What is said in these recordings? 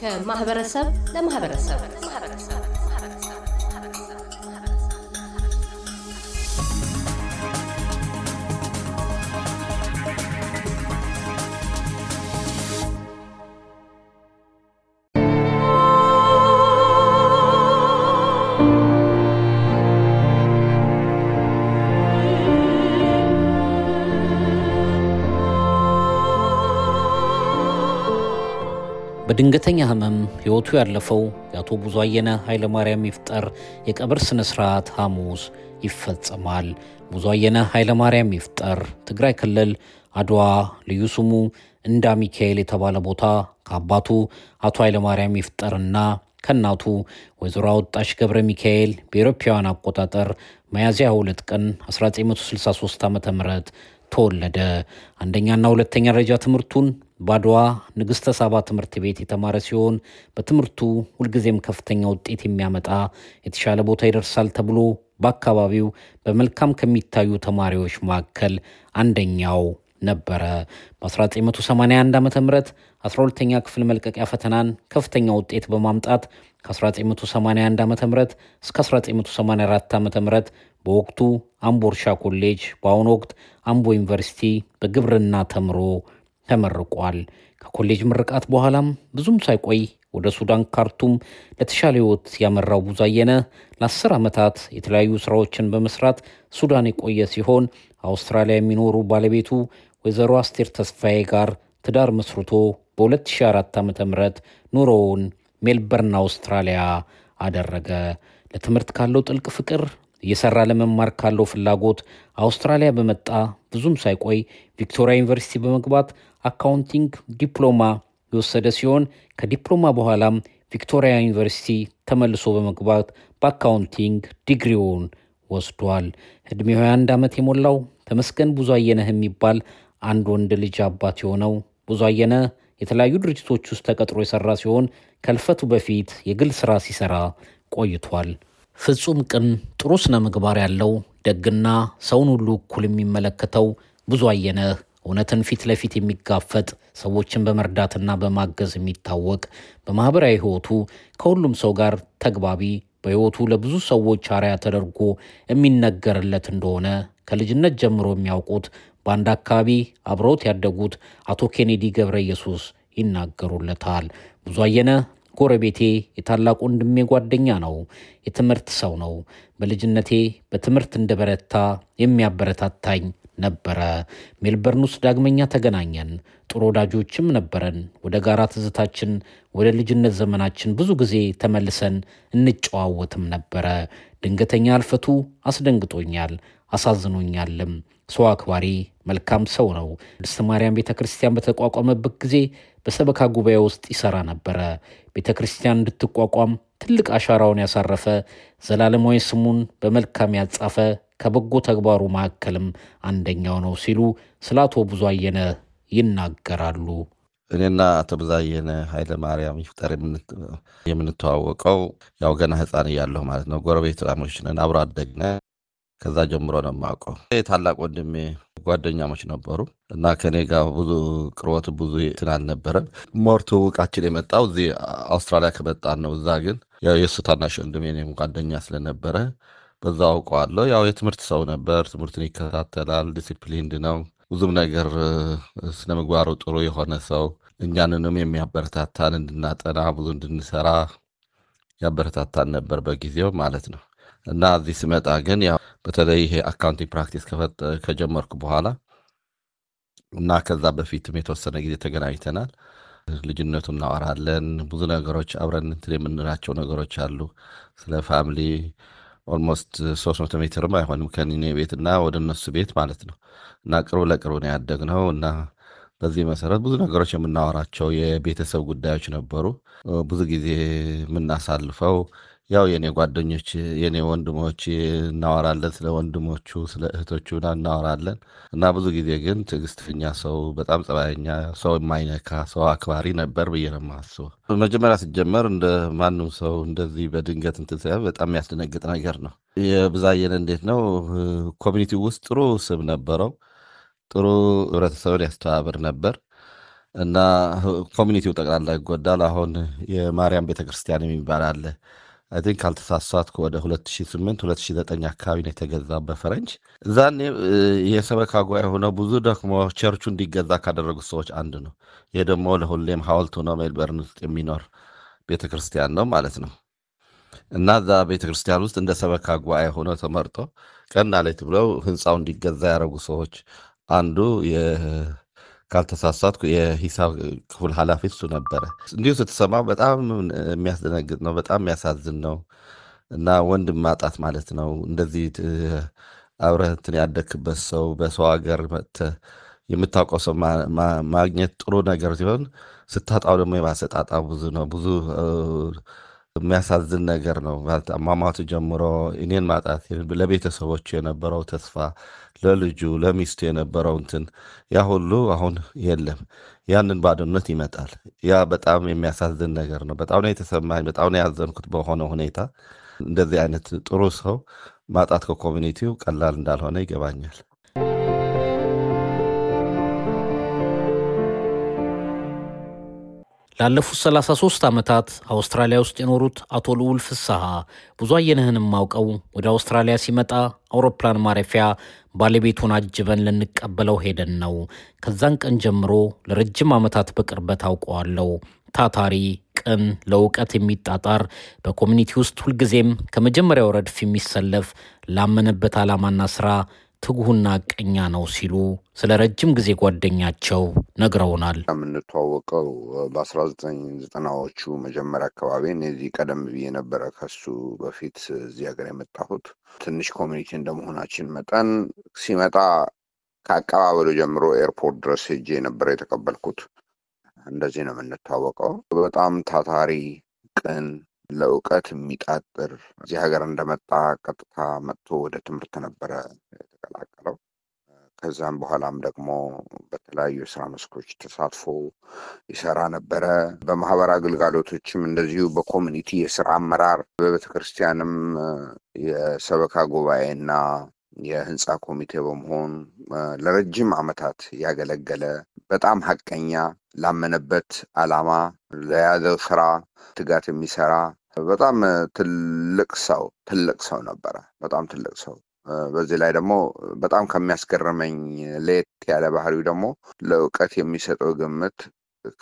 ከማህበረሰብ ለማህበረሰብ በድንገተኛ ህመም ህይወቱ ያለፈው የአቶ ብዙ አየነ ኃይለማርያም ይፍጠር የቀብር ስነ ስርዓት ሐሙስ ይፈጸማል። ብዙ አየነ ኃይለማርያም ይፍጠር ትግራይ ክልል አድዋ ልዩ ስሙ እንዳ ሚካኤል የተባለ ቦታ ከአባቱ አቶ ኃይለማርያም ይፍጠርና ከእናቱ ወይዘሮ አወጣሽ ገብረ ሚካኤል በኤሮፓውያን አቆጣጠር መያዝያ 2 ቀን 1963 ዓ ም ተወለደ። አንደኛና ሁለተኛ ደረጃ ትምህርቱን ባድዋ ንግሥተ ሳባ ትምህርት ቤት የተማረ ሲሆን በትምህርቱ ሁልጊዜም ከፍተኛ ውጤት የሚያመጣ የተሻለ ቦታ ይደርሳል ተብሎ በአካባቢው በመልካም ከሚታዩ ተማሪዎች መካከል አንደኛው ነበረ። በ1981 ዓ ም 12ተኛ ክፍል መልቀቂያ ፈተናን ከፍተኛ ውጤት በማምጣት ከ1981 ዓ ም እስከ 1984 ዓ ም በወቅቱ አምቦ እርሻ ኮሌጅ በአሁኑ ወቅት አምቦ ዩኒቨርሲቲ በግብርና ተምሮ ተመርቋል። ከኮሌጅ ምርቃት በኋላም ብዙም ሳይቆይ ወደ ሱዳን ካርቱም ለተሻለ ህይወት ያመራው ቡዛየነ ለአስር ዓመታት የተለያዩ ስራዎችን በመስራት ሱዳን የቆየ ሲሆን አውስትራሊያ የሚኖሩ ባለቤቱ ወይዘሮ አስቴር ተስፋዬ ጋር ትዳር መስርቶ በ2004 ዓ ም ኑሮውን ሜልበርን አውስትራሊያ አደረገ። ለትምህርት ካለው ጥልቅ ፍቅር እየሰራ ለመማር ካለው ፍላጎት አውስትራሊያ በመጣ ብዙም ሳይቆይ ቪክቶሪያ ዩኒቨርሲቲ በመግባት አካውንቲንግ ዲፕሎማ የወሰደ ሲሆን ከዲፕሎማ በኋላም ቪክቶሪያ ዩኒቨርሲቲ ተመልሶ በመግባት በአካውንቲንግ ዲግሪውን ወስዷል። ዕድሜው 21 ዓመት የሞላው ተመስገን ብዙ አየነህ የሚባል አንድ ወንድ ልጅ አባት የሆነው ብዙ አየነህ የተለያዩ ድርጅቶች ውስጥ ተቀጥሮ የሰራ ሲሆን ከልፈቱ በፊት የግል ስራ ሲሰራ ቆይቷል። ፍጹም ቅን፣ ጥሩ ስነ ምግባር ያለው ደግና ሰውን ሁሉ እኩል የሚመለከተው ብዙ አየነህ እውነትን ፊት ለፊት የሚጋፈጥ ሰዎችን በመርዳትና በማገዝ የሚታወቅ በማኅበራዊ ሕይወቱ ከሁሉም ሰው ጋር ተግባቢ በሕይወቱ ለብዙ ሰዎች አርያ ተደርጎ የሚነገርለት እንደሆነ ከልጅነት ጀምሮ የሚያውቁት በአንድ አካባቢ አብረውት ያደጉት አቶ ኬኔዲ ገብረ ኢየሱስ ይናገሩለታል። ብዙአየነህ ጎረቤቴ የታላቅ ወንድሜ ጓደኛ ነው። የትምህርት ሰው ነው። በልጅነቴ በትምህርት እንደበረታ የሚያበረታታኝ ነበረ። ሜልበርን ውስጥ ዳግመኛ ተገናኘን። ጥሩ ወዳጆችም ነበረን። ወደ ጋራ ትዝታችን፣ ወደ ልጅነት ዘመናችን ብዙ ጊዜ ተመልሰን እንጨዋወትም ነበረ። ድንገተኛ አልፈቱ አስደንግጦኛል፣ አሳዝኖኛልም። ሰው አክባሪ መልካም ሰው ነው። ቅድስት ማርያም ቤተ ክርስቲያን በተቋቋመበት ጊዜ በሰበካ ጉባኤ ውስጥ ይሰራ ነበረ። ቤተ ክርስቲያን እንድትቋቋም ትልቅ አሻራውን ያሳረፈ ዘላለማዊ ስሙን በመልካም ያጻፈ ከበጎ ተግባሩ መካከልም አንደኛው ነው ሲሉ ስለ አቶ ብዙ አየነ ይናገራሉ። እኔና አቶ ብዙ አየነ ኃይለ ማርያም ይፍጠር የምንተዋወቀው ያው ገና ሕፃን እያለሁ ማለት ነው። ጎረቤት ላሞች ነን፣ አብሮ አደግነ። ከዛ ጀምሮ ነው የማውቀው። የታላቅ ወንድሜ ጓደኛሞች ነበሩ እና ከኔ ጋር ብዙ ቅርበት ብዙ እንትን አልነበረም። ሞር ትውውቃችን የመጣው እዚህ አውስትራሊያ ከመጣን ነው። እዛ ግን የእሱ ታናሽ ወንድሜ እኔም ጓደኛ ስለነበረ በዛ አውቀዋለሁ። ያው የትምህርት ሰው ነበር፣ ትምህርትን ይከታተላል፣ ዲሲፕሊንድ ነው። ብዙም ነገር ስነ ምግባሩ ጥሩ የሆነ ሰው፣ እኛንንም የሚያበረታታን እንድናጠና ብዙ እንድንሰራ ያበረታታን ነበር በጊዜው ማለት ነው። እና እዚህ ስመጣ ግን ያው በተለይ ይሄ አካውንቲንግ ፕራክቲስ ከጀመርኩ በኋላ እና ከዛ በፊትም የተወሰነ ጊዜ ተገናኝተናል። ልጅነቱ እናወራለን። ብዙ ነገሮች አብረን እንትን የምንላቸው ነገሮች አሉ ስለ ፋሚሊ ኦልሞስት ሶስት መቶ ሜትርም አይሆንም ከኔ ቤት እና ወደ እነሱ ቤት ማለት ነው እና ቅርብ ለቅርብ ነው ያደግነው እና በዚህ መሰረት ብዙ ነገሮች የምናወራቸው የቤተሰብ ጉዳዮች ነበሩ። ብዙ ጊዜ የምናሳልፈው ያው የኔ ጓደኞች የኔ ወንድሞች እናወራለን፣ ስለ ወንድሞቹ ስለ እህቶቹ እናወራለን እና ብዙ ጊዜ ግን ትዕግስተኛ ሰው፣ በጣም ጸባየኛ ሰው፣ የማይነካ ሰው፣ አክባሪ ነበር ብዬ ነው የማስበው። መጀመሪያ ሲጀመር እንደ ማንም ሰው እንደዚህ በድንገት እንትን በጣም የሚያስደነግጥ ነገር ነው። የብዛየን እንዴት ነው ኮሚኒቲ ውስጥ ጥሩ ስም ነበረው። ጥሩ ህብረተሰብን ያስተባብር ነበር እና ኮሚኒቲው ጠቅላላ ይጎዳል። አሁን የማርያም ቤተክርስቲያን የሚባል አለ አይ ቲንክ ካልተሳሳትኩ ወደ 2008 2009 አካባቢ ነው የተገዛ በፈረንጅ እዛኔ የሰበካ ጉባኤ ሆነው ብዙ ደግሞ ቸርቹ እንዲገዛ ካደረጉት ሰዎች አንድ ነው። ይሄ ደግሞ ለሁሌም ሀውልት ሆኖ ሜልበርን ውስጥ የሚኖር ቤተክርስቲያን ነው ማለት ነው እና እዛ ቤተክርስቲያን ውስጥ እንደ ሰበካ ጉባኤ ሆኖ ተመርጦ ቀና ሌት ብለው ህንፃው እንዲገዛ ያደረጉ ሰዎች አንዱ ካልተሳሳትኩ የሂሳብ ክፍል ኃላፊ እሱ ነበረ። እንዲሁ ስትሰማ በጣም የሚያስደነግጥ ነው፣ በጣም የሚያሳዝን ነው እና ወንድም ማጣት ማለት ነው። እንደዚህ አብረህትን ያደክበት ሰው በሰው ሀገር መጥተህ የምታውቀው ሰው ማግኘት ጥሩ ነገር ሲሆን ስታጣው ደግሞ የማሰጣጣ ብዙ ነው። ብዙ የሚያሳዝን ነገር ነው። አሟሟቱ ጀምሮ እኔን ማጣት ለቤተሰቦች የነበረው ተስፋ ለልጁ ለሚስቱ የነበረው እንትን ያ ሁሉ አሁን የለም። ያንን ባዶነት ይመጣል። ያ በጣም የሚያሳዝን ነገር ነው። በጣም ነው የተሰማኝ። በጣም ነው ያዘንኩት በሆነ ሁኔታ። እንደዚህ አይነት ጥሩ ሰው ማጣት ከኮሚኒቲው ቀላል እንዳልሆነ ይገባኛል። ላለፉት 33 ዓመታት አውስትራሊያ ውስጥ የኖሩት አቶ ልዑል ፍስሐ ብዙ አየነህንም አውቀው ወደ አውስትራሊያ ሲመጣ አውሮፕላን ማረፊያ ባለቤቱን አጅበን ልንቀበለው ሄደን ነው። ከዛን ቀን ጀምሮ ለረጅም ዓመታት በቅርበት አውቀዋለሁ። ታታሪ፣ ቅን፣ ለእውቀት የሚጣጣር በኮሚኒቲ ውስጥ ሁልጊዜም ከመጀመሪያው ረድፍ የሚሰለፍ ላመነበት ዓላማና ስራ ትጉህና ቀኛ ነው ሲሉ ስለ ረጅም ጊዜ ጓደኛቸው ነግረውናል። የምንተዋወቀው በ1990ዎቹ መጀመሪያ አካባቢ እዚህ ቀደም ብዬ ነበረ ከሱ በፊት እዚህ ሀገር የመጣሁት። ትንሽ ኮሚኒቲ እንደመሆናችን መጠን ሲመጣ ከአቀባበሉ ጀምሮ ኤርፖርት ድረስ ሄጄ ነበረ የተቀበልኩት። እንደዚህ ነው የምንተዋወቀው። በጣም ታታሪ ቅን ለእውቀት የሚጣጥር እዚህ ሀገር እንደመጣ ቀጥታ መጥቶ ወደ ትምህርት ነበረ የተቀላቀለው። ከዛም በኋላም ደግሞ በተለያዩ የስራ መስኮች ተሳትፎ ይሰራ ነበረ። በማህበር አገልጋሎቶችም እንደዚሁ በኮሚኒቲ የስራ አመራር፣ በቤተክርስቲያንም የሰበካ ጉባኤና የህንፃ ኮሚቴ በመሆን ለረጅም አመታት ያገለገለ በጣም ሀቀኛ ላመነበት አላማ ለያዘው ስራ ትጋት የሚሰራ በጣም ትልቅ ሰው ትልቅ ሰው ነበረ። በጣም ትልቅ ሰው። በዚህ ላይ ደግሞ በጣም ከሚያስገርመኝ ለየት ያለ ባህሪው ደግሞ ለእውቀት የሚሰጠው ግምት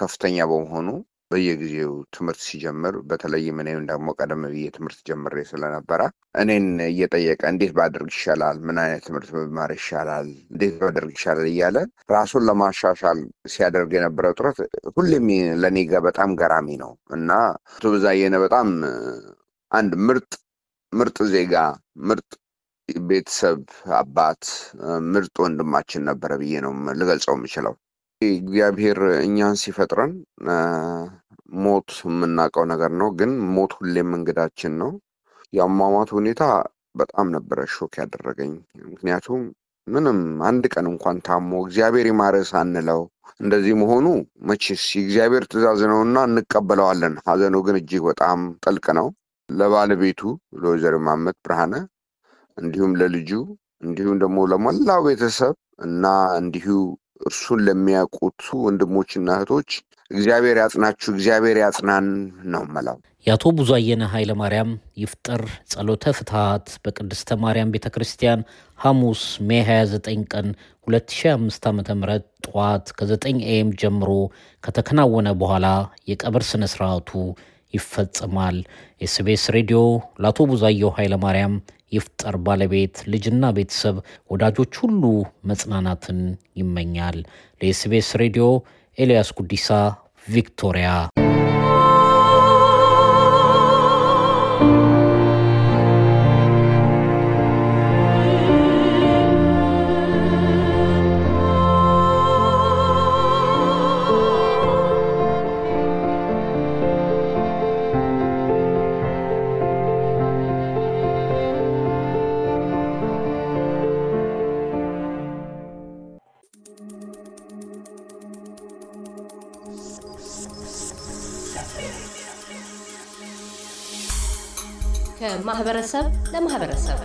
ከፍተኛ በመሆኑ በየጊዜው ትምህርት ሲጀምር በተለይም እኔም ደግሞ ቀደም ብዬ ትምህርት ጀምሬ ስለነበረ እኔን እየጠየቀ እንዴት ባደርግ ይሻላል፣ ምን አይነት ትምህርት መማር ይሻላል፣ እንዴት ባደርግ ይሻላል እያለ ራሱን ለማሻሻል ሲያደርግ የነበረው ጥረት ሁሌም ለእኔ በጣም ገራሚ ነው እና አቶ ብዛየነ በጣም አንድ ምርጥ ምርጥ ዜጋ ምርጥ ቤተሰብ አባት ምርጥ ወንድማችን ነበረ ብዬ ነው ልገልጸው የምችለው። እግዚአብሔር እኛን ሲፈጥረን ሞት የምናውቀው ነገር ነው፣ ግን ሞት ሁሌም እንግዳችን ነው። የአሟሟት ሁኔታ በጣም ነበረ ሾክ ያደረገኝ። ምክንያቱም ምንም አንድ ቀን እንኳን ታሞ እግዚአብሔር ይማረስ አንለው እንደዚህ መሆኑ መቼስ የእግዚአብሔር ትእዛዝ ነውና እንቀበለዋለን። ሀዘኑ ግን እጅግ በጣም ጥልቅ ነው። ለባለቤቱ ለወይዘሮ ማመት ብርሃነ እንዲሁም ለልጁ እንዲሁም ደግሞ ለመላው ቤተሰብ እና እንዲሁ እርሱን ለሚያውቁት ወንድሞችና እህቶች እግዚአብሔር ያጽናችሁ፣ እግዚአብሔር ያጽናን ነው መላው። የአቶ ብዙ አየነ ኃይለ ማርያም ይፍጠር ጸሎተ ፍትሐት በቅድስተ ማርያም ቤተ ክርስቲያን ሐሙስ ሜ 29 ቀን 2005 ዓ ም ጠዋት ከ9 ኤም ጀምሮ ከተከናወነ በኋላ የቀብር ስነ ስርዓቱ ይፈጸማል። ኤስቤስ ሬዲዮ ለአቶ ብዙአየሁ ኃይለ ማርያም የፍጠር ባለቤት ልጅና ቤተሰብ ወዳጆች ሁሉ መጽናናትን ይመኛል። ለኤስቤስ ሬዲዮ ኤልያስ ጉዲሳ ቪክቶሪያ ከማህበረሰብ ለማህበረሰብ